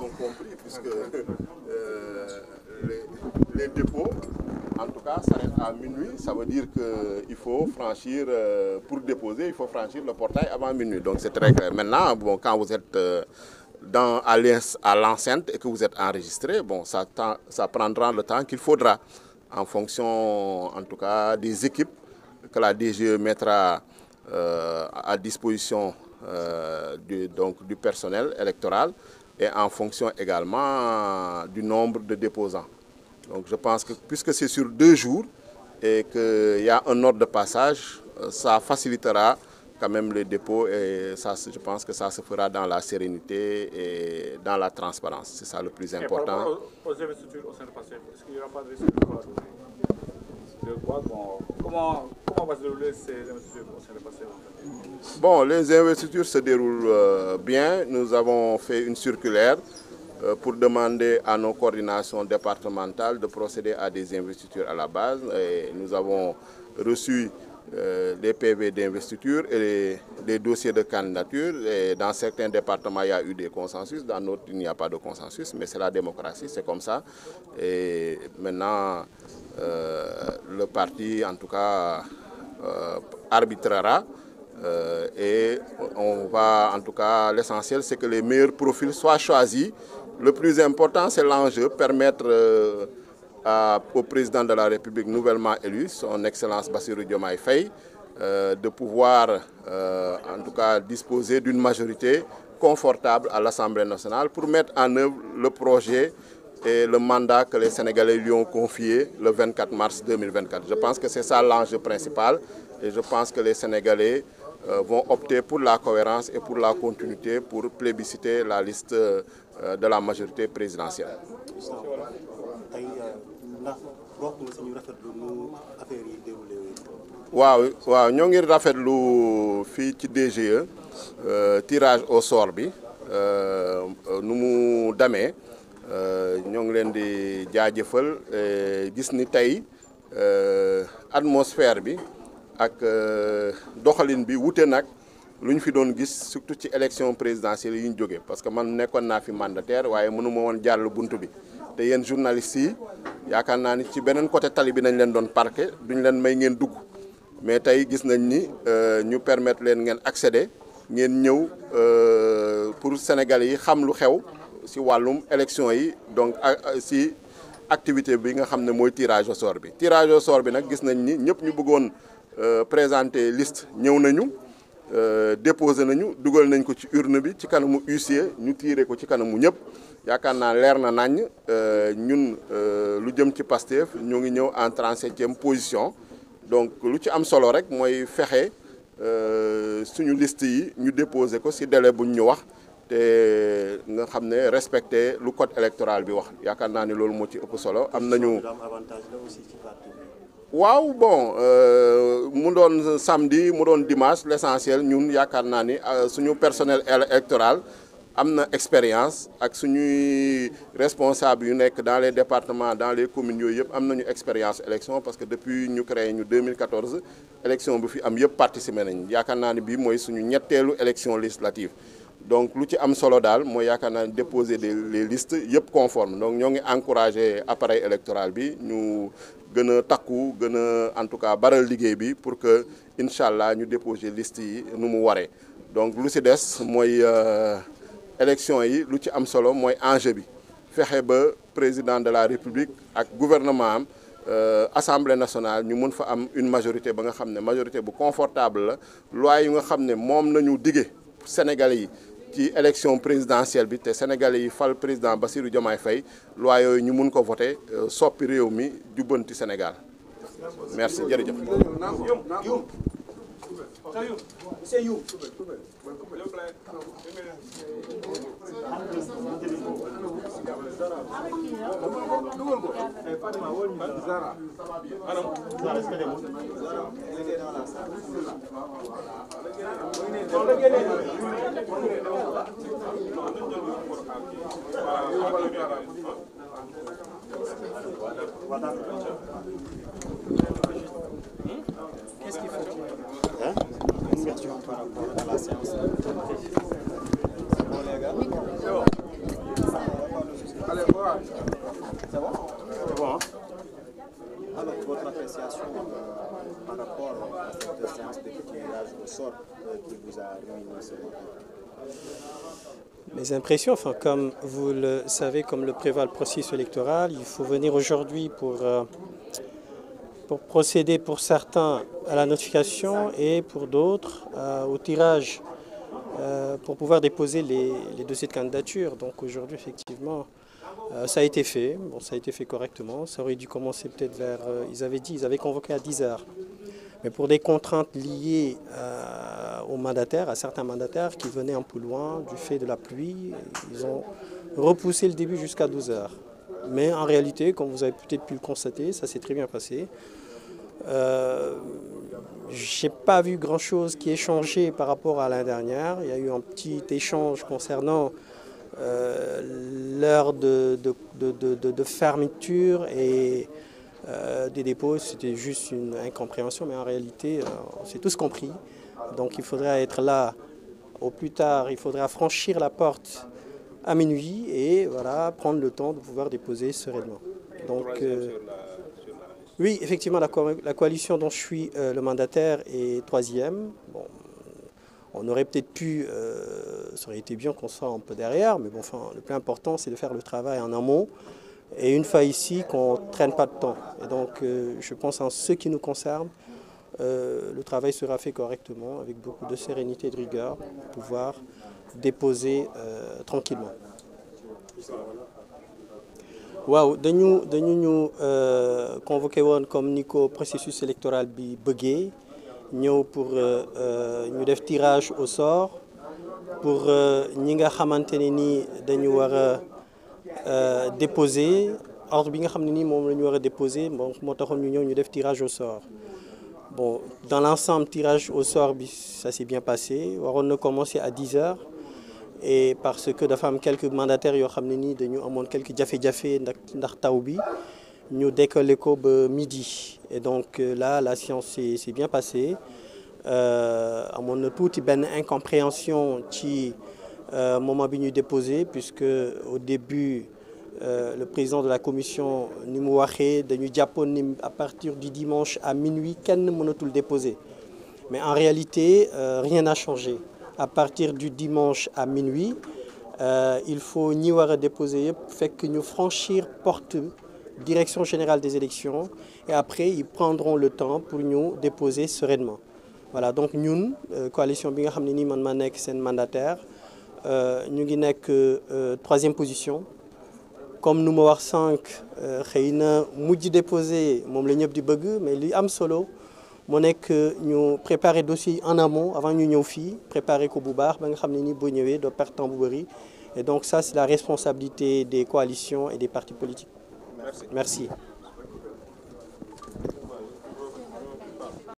sont compris puisque euh, les, les, dépôts, en tout cas, s'arrêtent à minuit. Ça veut dire qu'il faut franchir, euh, pour déposer, il faut franchir le portail avant minuit. Donc c'est très clair. Maintenant, bon, quand vous êtes euh, dans, à l'enceinte et que vous êtes enregistré, bon, ça, ça prendra le temps qu'il faudra en fonction, en tout cas, des équipes que la DGE mettra euh, à disposition euh, du, donc, du personnel électoral. et en fonction également du nombre de déposants. Donc je pense que puisque c'est sur deux jours et qu'il y a un ordre de passage, euh, ça facilitera quand même le dépôt et ça, pense que ça se fera dans la sérénité et dans la transparence. C'est ça le plus important. de quoi Comment, comment va se dérouler ces investitures Bon, les investitures se déroulent euh, bien. Nous avons fait une circulaire euh, pour demander à nos coordinations départementales de procéder à des investitures à la base. Et nous avons reçu euh, les PV d'investiture et les, les, dossiers de candidature. Et dans certains départements, il y a eu des consensus, dans d'autres, il n'y a pas de consensus, mais c'est la démocratie, c'est comme ça. Et maintenant, euh, le parti, en tout cas, euh, arbitrera. Euh, et on en tout cas, l'essentiel, c'est que les meilleurs profils soient choisis. Le plus important, c'est l'enjeu, permettre euh, au président de la République nouvellement élu, son Excellence Bassirou Diomaye Faye, euh, de pouvoir euh, en tout cas disposer d'une majorité confortable à l'Assemblée nationale pour mettre en le projet et le mandat que les Sénégalais lui ont confié mars 2024. Je pense que c'est ça l'enjeu principal et je pense que les Sénégalais euh, vont pour la cohérence et pour la continuité pour plébisciter la liste de la majorité présidentielle. tey euh, ndax bokk rafetlu nu affaire waaw waaw ñoo ngir rafet lu fii ci DGE euh, tirage au sort bi euh, nu mu demee ñoo ngi leen di jaajëfal gis ni tey atmosphère bi ak doxalin bi wute nag lu ñu fi doon gis surtout ci élection présidentielle yi ñu jógee parce que man nekkoon naa fi mandataire waaye mënuma woon jàll bunt bi te yéen journalistes yi yaakaar naa ni ci beneen côté tali bi nañ leen doon parqué duñ leen may ngeen dugg mais tey gis nañ ni euh, ñu permettre leen ngeen accéder ngeen ñëw euh, pour sénégal yi xam lu xew si wàllum élection yi donc si activité bi nga xam ne mooy tirage au bi tirage au sort bi nag gis nañ ni ñëpp ñu bëggoon euh, présenter liste ñëw nañu Euh, déposé nañu dugal nañ ko ci urne bi ci kanamu huissier ñu tiire ko ci kanamu ñëpp yaakaar naa leer na nañ euh, ñun euh, lu jëm ci Pastef ñoo ngi ñëw en trente-septième position donc lu ci am solo rek mooy fexe suñu liste yi ñu déposé ko si délai buñ ñu wax te nga xam ne respecté lu code électoral bi wax yaakaar naa ni loolu moo ci ëpp solo am nañu waaw bon mu doon samedi mu doon dimanche l'essentiel ñun yaakaar naa ni euh, suñu personnel électoral am na expérience ak suñuy responsable yu nekk dans les départements dans les communes yooyu yëpp am nañu expérience élection parce que depuis ñu créé ñu 2014 élection bu fi am yëpp participé nañ yaakaar naa ni bii mooy suñu ñetteelu élection législative donc lu ci am solo daal mooy yaakaar naa déposer des les listes yëpp conforme donc ñoo ngi encourager appareil électoral bi ñu gën a takku gën a en tout cas baral liggéey bi pour que incha allah ñu déposer liste yi nu mu waree donc lu ci des mooy euh, élection yi lu ci am solo mooy enjeu bi fexe ba président de la république ak gouvernement am euh, assemblée nationale ñu mën fa am une majorité ba nga xam ne majorité bu confortable la loi yi nga xam ne moom nañu dige Sénégalais yi ci élection présidentielle bi te sénégal yi fal président Bassirou Diomaye fay loi yooyu ñu mun ko voté euh, soppi réew mi jubbanti Sénégal merci jërëjëf. Voilà. Euh, qui vous a Mes impressions, comme vous le savez, comme le prévoit le processus électoral, il faut venir aujourd'hui pour, euh, pour procéder pour certains à la notification et pour d'autres euh, au tirage euh, pour pouvoir déposer les, les dossiers de candidature. Donc aujourd'hui, effectivement, euh, ça a été fait, correctement. Ça aurait dû commencer peut-être vers, ils avaient dit, ils avaient convoqué à 10 heures. mais pour des contraintes liées euh, aux mandataires, à certains mandataires qui venaient un peu loin du fait de la pluie, ils ont repoussé le début jusqu'à 12 heures. Mais en réalité, comme vous avez peut-être pu le constater, ça s'est très bien passé. Euh, je n'ai pas vu grand-chose qui ait changé par rapport à l'année dernière. Il y a eu un petit échange concernant euh, l'heure de, de, de, de, fermeture et Euh, des dépôts, c'était juste une incompréhension, mais en réalité, euh, on s'est tous compris. il faudrait être là au plus tard, il faudra franchir la porte à minuit et prendre le temps de pouvoir déposer sereinement. Euh, oui, effectivement, la, coalition dont je suis le mandataire est troisième. on aurait peut-être plus important, c'est de faire le travail en amont. Et une fois ici, qu'on ne traîne pas de temps. Et donc, euh, je pense en ce qui nous concerne, euh, le travail sera fait correctement, avec beaucoup de sérénité et de rigueur, pour pouvoir déposer euh, tranquillement. waaw dañu dañu ñu euh, convoqué woon comme ni ko processus électoral bi bëggee ñëw pour euh, euh, ñu def tirage au sort pour ñi nga xamante ne ni dañu war a Euh, déposé ordre bi nga xam ne nii moom la ñu war a déposé bon moo taxoon ñu ñëw ñu def tirage au sort bon dans l'ensemble tirage au sort bi ça s'est bien passé waroon na commencer à 10 heures et parce que dafa am quelques mandataires yoo xam ne nii dañu amoon quelques jafe-jafe ndax ndax taw bi ñu décoller ko ba midi et donc euh, là la séance s'est s'est bien passée euh, amoon na tuuti benn incompréhension ci. Euh, moment bi ñuy déposé puisque au début euh, le président de la commission ni mu waxee dañu jàppoon ni à partir du dimanche à minuit kenn mënatul déposé mais en réalité euh, rien n'a changé à partir du dimanche à minuit il faut ñi war a déposer yëpp fekk ñu franchir porte direction générale des élections et après ils prendront le temps pour ñu déposé sereinement voilà donc ñun coalition bi nga xam ne nii man maa nekk seen mandataire Euh, ñu ngi nekk euh, troisième position comme nu ma wax sànq euh, xëy na mujj déposé moom la ñëpp di bëgg mais li am solo moo nekk ñu préparer dossier yi en amont avant ñu ñëw fii préparer ko bu baax ba nga xam ne ni boo ñëwee do perte temps bu bëri et donc ça c'est la responsabilité des coalitions et des partis politiques merci.